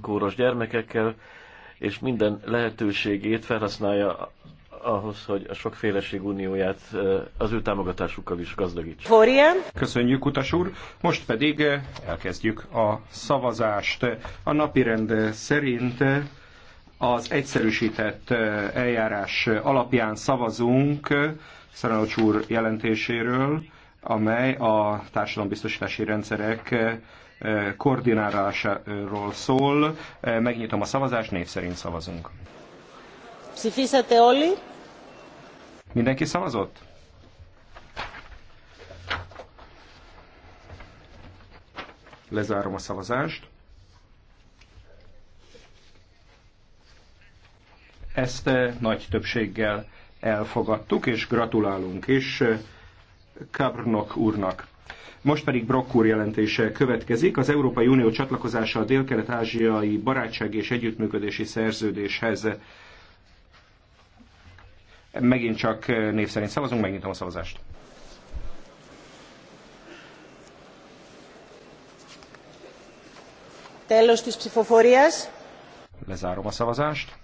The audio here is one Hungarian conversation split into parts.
kóros gyermekekkel, és minden lehetőségét felhasználja ahhoz, hogy a sokféleség unióját eh, az ő támogatásukkal is gazdagítsa. Florian. Köszönjük, utas úr. Most pedig eh, elkezdjük a szavazást. A napirend szerint az egyszerűsített eh, eljárás alapján szavazunk Szerenocs úr jelentéséről, amely a társadalombiztosítási rendszerek koordinálásáról szól. Megnyitom a szavazást, név szerint szavazunk. Psifisate Oli? Mindenki szavazott? Lezárom a szavazást. Ezt eh, nagy többséggel elfogadtuk, és gratulálunk is eh, Kabrnok úrnak. Most pedig Brock úr jelentése következik. Az Európai Unió csatlakozása a Dél-Kelet-Ázsiai Barátság és Együttműködési Szerződéshez. Megint csak név szerint szavazunk, megnyitom a szavazást. Τέλος της ψηφοφορίας. Lezárom a szavazást.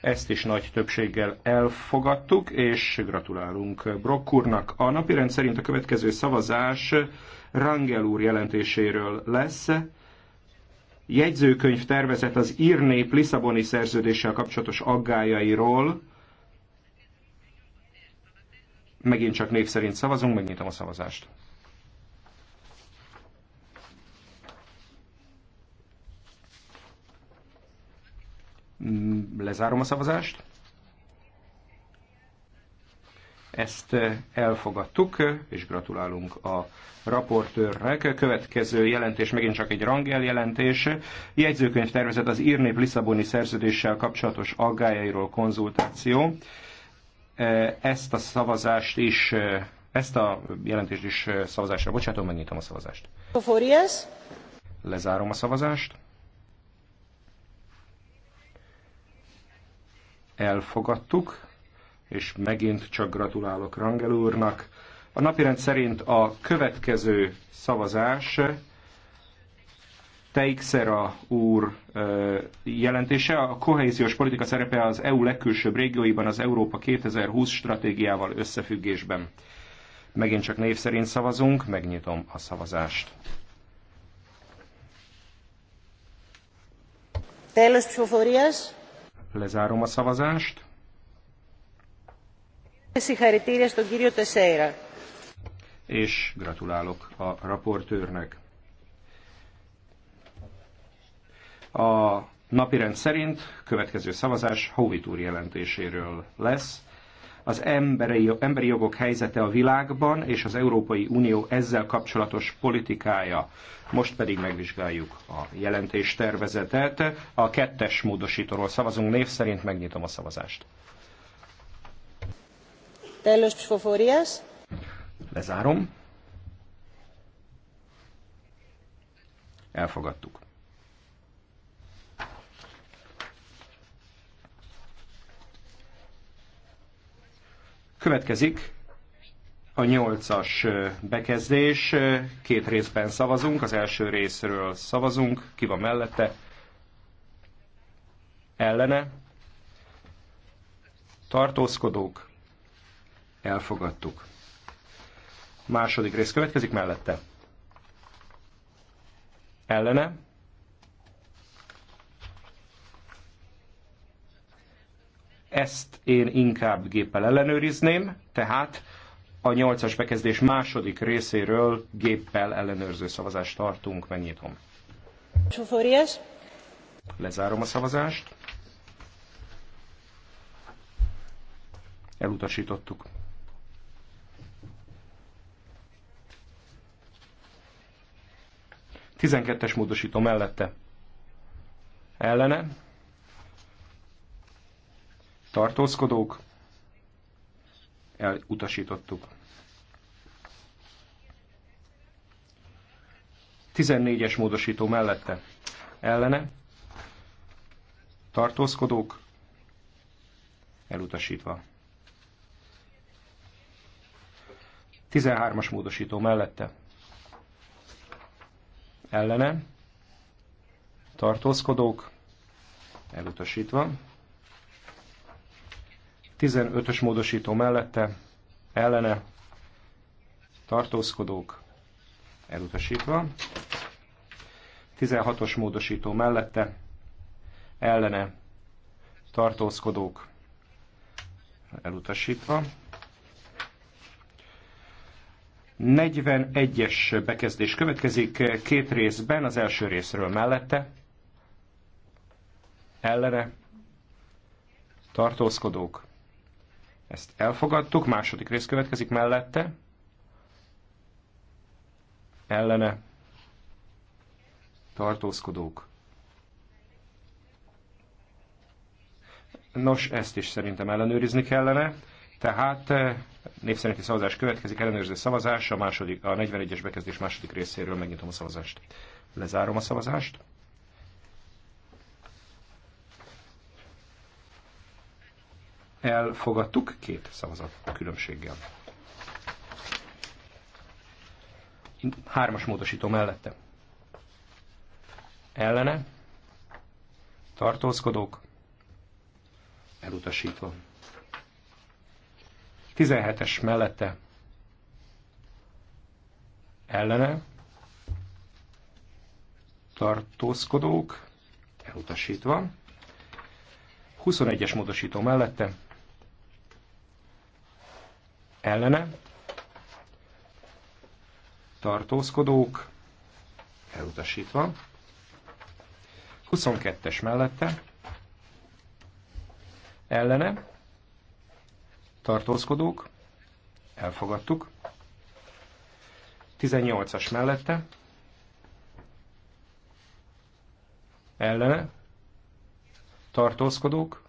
Ezt is nagy többséggel elfogadtuk, és gratulálunk Brock úrnak. A napirend szerint a következő szavazás Rangel úr jelentéséről lesz. Jegyzőkönyv tervezett az írnép Lisszaboni szerződéssel kapcsolatos aggájairól. Megint csak név szerint szavazunk, megnyitom a szavazást. Mm, lezárom a szavazást. Ezt eh, elfogadtuk, és gratulálunk a raportőrnek. Következő jelentés megint csak egy rangeljelentés. Jegyzőkönyv tervezet az írnép Lisszaboni szerződéssel kapcsolatos aggájairól konzultáció. Eh, ezt a szavazást is, eh, ezt a jelentést is szavazásra bocsátom, megnyitom a szavazást. Lezárom a szavazást. elfogadtuk, és megint csak gratulálok Rangel úrnak. A napirend szerint a következő szavazás Teixera úr jelentése, a kohéziós politika szerepe az EU legkülsőbb régióiban az Európa 2020 stratégiával összefüggésben. Megint csak név szerint szavazunk, megnyitom a szavazást. Τέλος ψηφοφορίας. Lezárom a szavazást. És gratulálok a raportőrnek. A napirend szerint következő szavazás Howitt jelentéséről lesz az emberi, emberi jogok helyzete a világban és az Európai Unió ezzel kapcsolatos politikája. Most pedig megvizsgáljuk a jelentés tervezetet. A kettes módosítóról szavazunk név szerint, megnyitom a szavazást. Lezárom. Elfogadtuk. Következik a nyolcas bekezdés. Két részben szavazunk. Az első részről szavazunk. Ki van mellette? Ellene? Tartózkodók? Elfogadtuk. Második rész következik mellette. Ellene? Ezt én inkább géppel ellenőrizném, tehát a nyolcas bekezdés második részéről géppel ellenőrző szavazást tartunk, megnyitom. Csufóriás. Lezárom a szavazást. Elutasítottuk. Tizenkettes módosító mellette. Ellene tartózkodók, elutasítottuk. 14-es módosító mellette ellene, tartózkodók, elutasítva. 13-as módosító mellette ellene, tartózkodók, elutasítva. 15-ös módosító mellette, ellene, tartózkodók, elutasítva. 16-os módosító mellette, ellene, tartózkodók, elutasítva. 41-es bekezdés következik két részben, az első részről mellette, ellene, tartózkodók, ezt elfogadtuk, második rész következik mellette. Ellene tartózkodók. Nos, ezt is szerintem ellenőrizni kellene. Tehát eh, népszerinti szavazás következik, ellenőrző szavazás, a, második, a 41-es bekezdés második részéről megnyitom a szavazást. Lezárom a szavazást. elfogadtuk két szavazat különbséggel. Hármas módosító mellette. Ellene. Tartózkodók. Elutasítva. 17-es mellette. Ellene. Tartózkodók. Elutasítva. 21-es módosító mellette ellene, tartózkodók, elutasítva, 22-es mellette, ellene, tartózkodók, elfogadtuk, 18-as mellette, ellene, tartózkodók,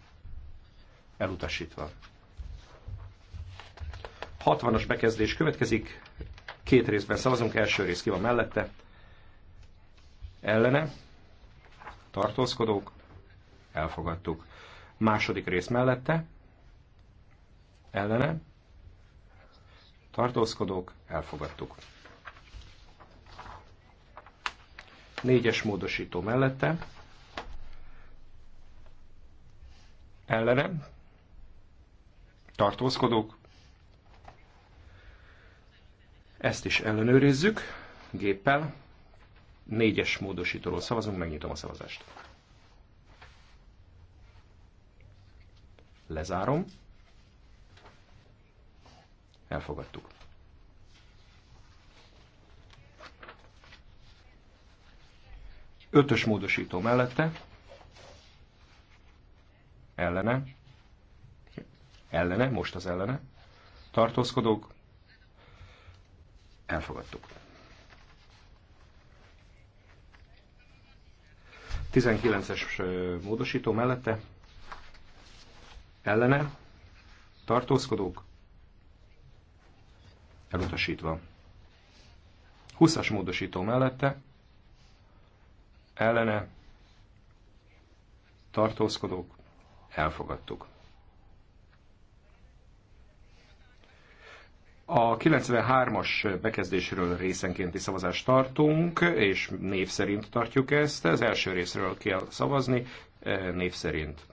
elutasítva. 60-as bekezdés következik, két részben szavazunk, első rész ki van mellette, ellene, tartózkodók, elfogadtuk. Második rész mellette, ellene, tartózkodók, elfogadtuk. Négyes módosító mellette, ellene, tartózkodók, ezt is ellenőrizzük géppel. Négyes módosítóról szavazunk, megnyitom a szavazást. Lezárom. Elfogadtuk. Ötös módosító mellette. Ellene. Ellene, most az ellene. Tartózkodók, Elfogadtuk. 19-es módosító mellette ellene tartózkodók elutasítva. 20-as módosító mellette ellene tartózkodók elfogadtuk. A 93-as bekezdésről részenkénti szavazást tartunk, és név szerint tartjuk ezt. Az első részről kell szavazni, e, név szerint.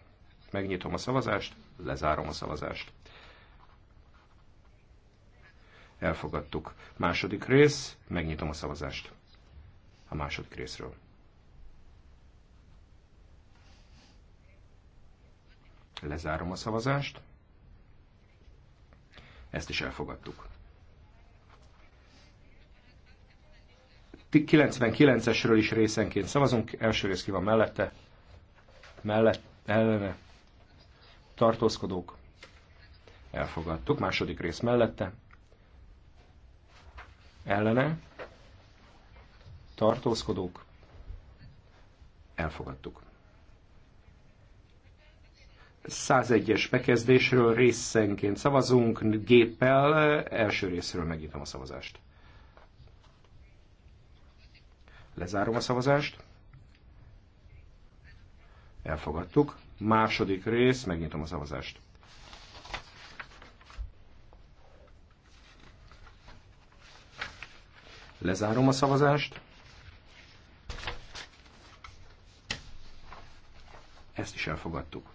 Megnyitom a szavazást, lezárom a szavazást. Elfogadtuk. Második rész, megnyitom a szavazást. A második részről. Lezárom a szavazást. Ezt is elfogadtuk. 99-esről is részenként szavazunk. Első rész ki van mellette. Mellett, ellene. Tartózkodók. Elfogadtuk. Második rész mellette. Ellene. Tartózkodók. Elfogadtuk. 101-es bekezdésről részenként szavazunk géppel. Első részről megnyitom a szavazást. Lezárom a szavazást. Elfogadtuk. Második rész, megnyitom a szavazást. Lezárom a szavazást. Ezt is elfogadtuk.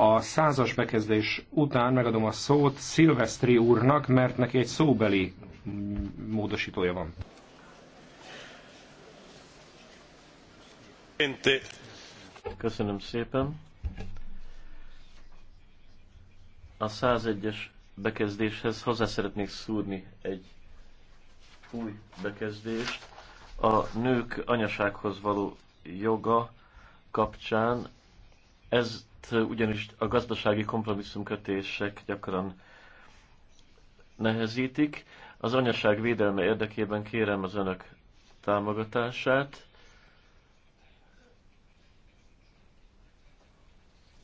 a százas bekezdés után megadom a szót Szilvesztri úrnak, mert neki egy szóbeli módosítója van. Köszönöm szépen. A 101-es bekezdéshez hozzá szeretnék szúrni egy új bekezdést. A nők anyasághoz való joga kapcsán ez ugyanis a gazdasági kompromisszumkötések gyakran nehezítik. Az anyaság védelme érdekében kérem az önök támogatását.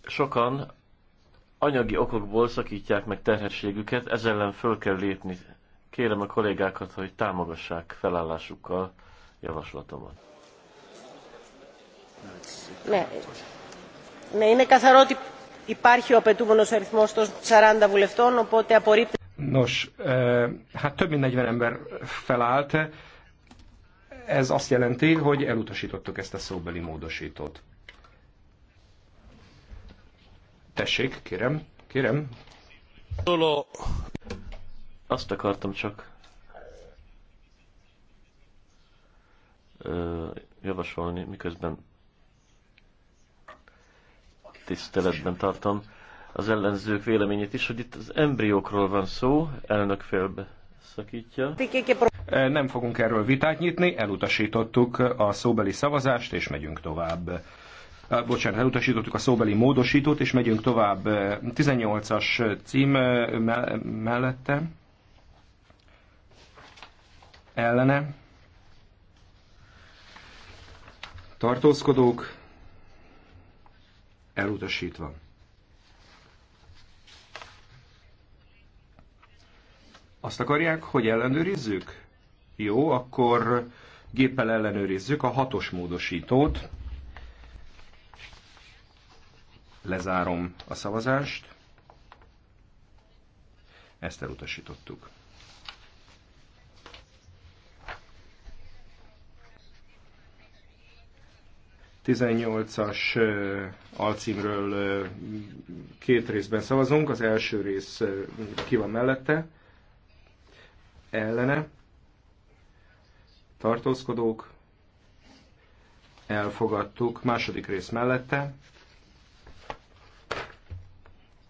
Sokan anyagi okokból szakítják meg terhességüket, ez ellen föl kell lépni. Kérem a kollégákat, hogy támogassák felállásukkal javaslatomat. Ne είναι καθαρό ότι υπάρχει ο απαιτούμενος αριθμός των 40 βουλευτών, οπότε Nos, eh, hát több mint 40 ember felállt. Ez azt jelenti, hogy elutasítottuk ezt a szóbeli módosítót. Tessék, kérem, kérem. Azt akartam csak javasolni, miközben tiszteletben tartom az ellenzők véleményét is, hogy itt az embriókról van szó, elnök félbe szakítja. E, nem fogunk erről vitát nyitni, elutasítottuk a szóbeli szavazást, és megyünk tovább. E, bocsánat, elutasítottuk a szóbeli módosítót, és megyünk tovább 18-as e, cím mellette. Ellene. Tartózkodók elutasítva. Azt akarják, hogy ellenőrizzük? Jó, akkor géppel ellenőrizzük a hatos módosítót. Lezárom a szavazást. Ezt elutasítottuk. 18-as alcímről két részben szavazunk. Az első rész ki van mellette, ellene, tartózkodók, elfogadtuk. Második rész mellette,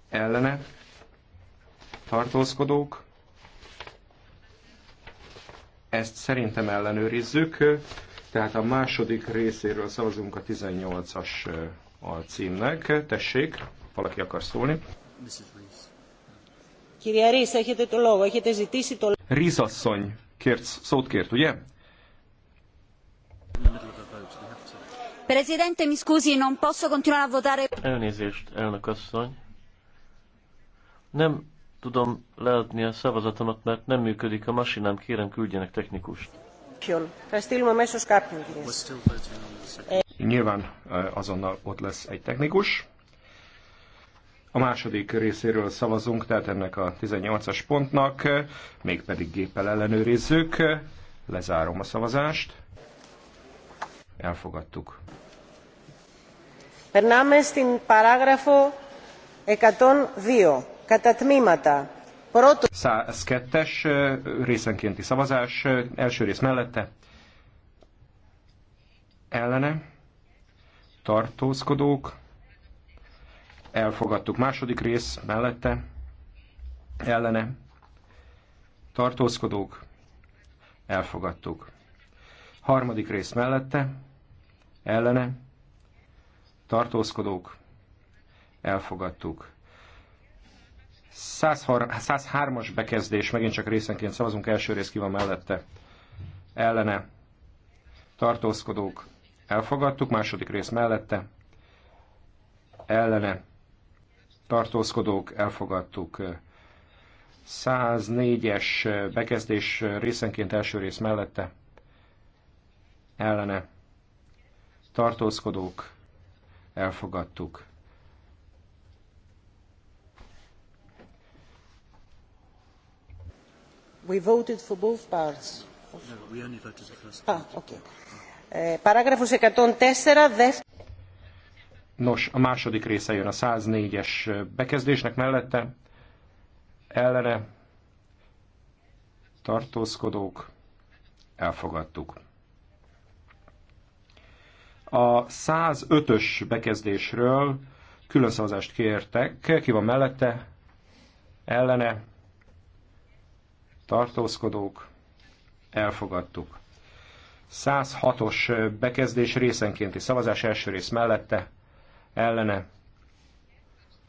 ellene, tartózkodók, ezt szerintem ellenőrizzük. Tehát a második részéről szavazunk a 18-as címnek. Tessék, valaki akar szólni. Rizasszony, kért, szót kért, ugye? Presidente, mi scusi, non posso continuare a votare. Elnézést, elnök asszony. Nem tudom leadni a szavazatomat, mert nem működik a masinám, kérem küldjenek technikust κάποιον. Θα στείλουμε Nyilván eh, azonnal ott lesz egy technikus. A második részéről szavazunk, tehát ennek a 18-as pontnak, eh, mégpedig géppel ellenőrizzük. Lezárom a szavazást. Elfogadtuk. Περνάμε στην παράγραφο 102. Κατά τμήματα. 102-es részenkénti szavazás, első rész mellette, ellene, tartózkodók, elfogadtuk. Második rész mellette, ellene, tartózkodók, elfogadtuk. Harmadik rész mellette, ellene, tartózkodók, elfogadtuk. 103-as bekezdés, megint csak részenként szavazunk, első rész ki van mellette. Ellene tartózkodók elfogadtuk, második rész mellette. Ellene tartózkodók elfogadtuk. 104-es bekezdés részenként első rész mellette. Ellene tartózkodók elfogadtuk. We voted for both parts. Παράγραφος 104, ah, eh, Nos, a második része jön a 104-es bekezdésnek mellette. Ellene tartózkodók elfogadtuk. A 105-ös bekezdésről külön szavazást kértek. Ki van mellette? Ellene tartózkodók, elfogadtuk. 106-os bekezdés részenkénti szavazás első rész mellette, ellene,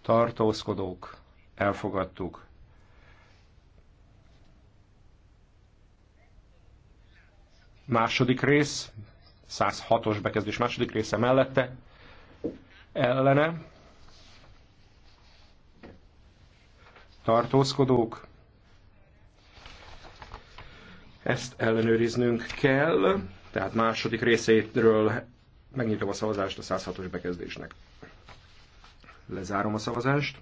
tartózkodók, elfogadtuk. Második rész, 106-os bekezdés második része mellette, ellene, tartózkodók, ezt ellenőriznünk kell, tehát második részétről megnyitom a szavazást a 106-os bekezdésnek. Lezárom a szavazást.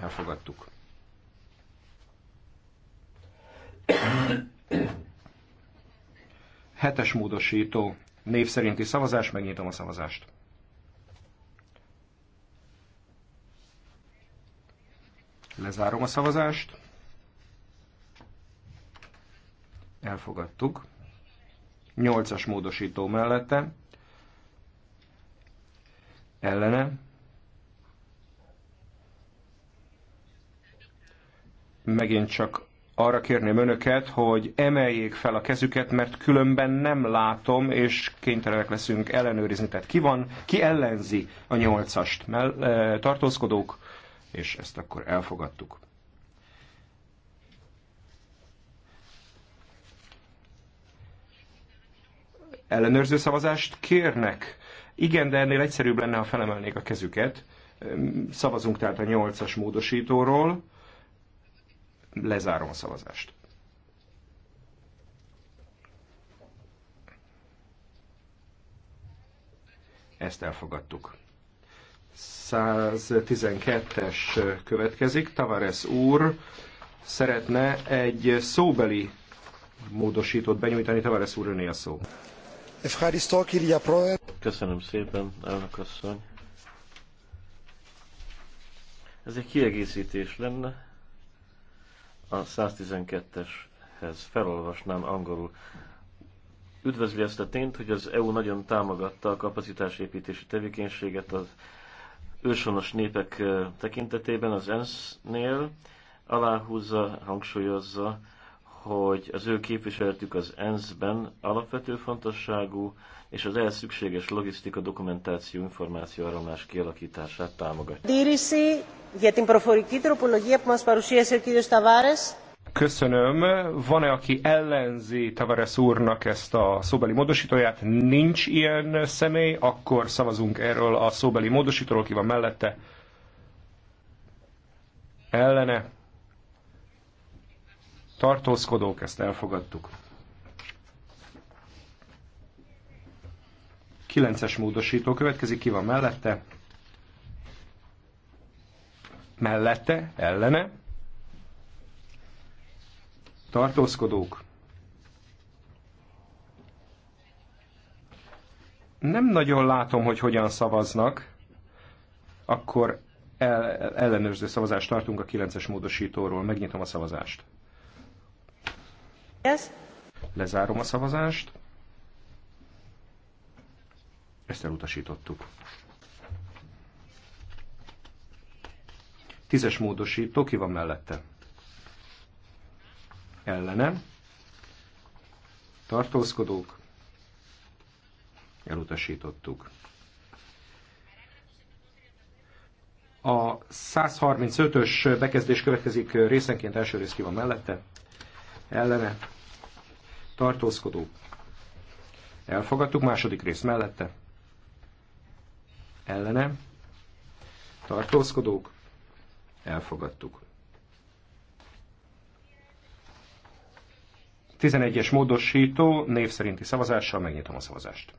Elfogadtuk. Hetes módosító. Név szerinti szavazás, megnyitom a szavazást. Lezárom a szavazást. elfogadtuk. 8-as módosító mellette, ellene, megint csak arra kérném önöket, hogy emeljék fel a kezüket, mert különben nem látom, és kénytelenek leszünk ellenőrizni. Tehát ki van, ki ellenzi a nyolcast? Eh, tartózkodók, és ezt akkor elfogadtuk. ellenőrző szavazást kérnek. Igen, de ennél egyszerűbb lenne, ha felemelnék a kezüket. Szavazunk tehát a 8-as módosítóról. Lezárom a szavazást. Ezt elfogadtuk. 112-es következik. Tavares úr szeretne egy szóbeli módosítót benyújtani. Tavares úr, öné a szó. Köszönöm szépen, elnök asszony. Ez egy kiegészítés lenne a 112-eshez. Felolvasnám angolul. Üdvözli ezt a tényt, hogy az EU nagyon támogatta a kapacitásépítési tevékenységet az őshonos népek eh, tekintetében az ENSZ-nél. Aláhúzza, hangsúlyozza, hogy az ő képviseletük az ENSZ-ben alapvető fontosságú, és az ehhez szükséges logisztika, dokumentáció, információ áramlás kialakítását támogatja. Köszönöm. Van-e, aki ellenzi Tavares úrnak ezt a szóbeli módosítóját? Nincs ilyen személy, akkor szavazunk erről a szóbeli módosítóról, ki van mellette. Ellene tartózkodók, ezt elfogadtuk. Kilences módosító következik, ki van mellette? Mellette, ellene. Tartózkodók. Nem nagyon látom, hogy hogyan szavaznak, akkor el, ellenőrző szavazást tartunk a 9-es módosítóról. Megnyitom a szavazást. Yes. Lezárom a szavazást. Ezt elutasítottuk. Tízes módosító, ki van mellette? Ellenem. Tartózkodók. Elutasítottuk. A 135-ös bekezdés következik részenként, első rész ki van mellette, ellene tartózkodó. Elfogadtuk, második rész mellette. Ellene, tartózkodók. Elfogadtuk. 11-es módosító név szerinti szavazással megnyitom a szavazást.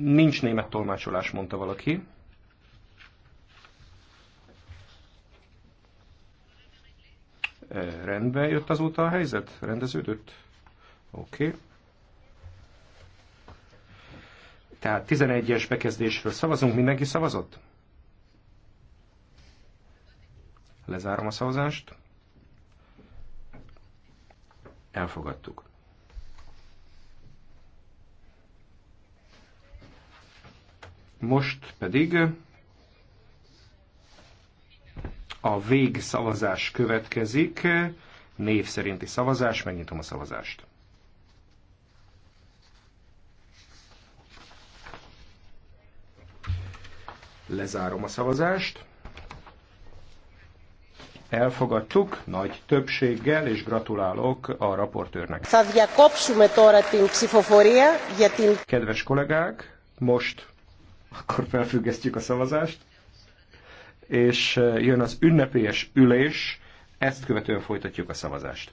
Nincs német tolmácsolás, mondta valaki. Rendbe jött azóta a helyzet? Rendeződött? Oké. Okay. Tehát 11-es bekezdésről szavazunk, mindenki szavazott? Lezárom a szavazást. Elfogadtuk. Most pedig a végszavazás következik, név szerinti szavazás, megnyitom a szavazást. Lezárom a szavazást. Elfogadtuk nagy többséggel, és gratulálok a raportőrnek. Kedves kollégák, most akkor felfüggesztjük a szavazást, és eh, jön az ünnepélyes ülés, ezt követően folytatjuk a szavazást.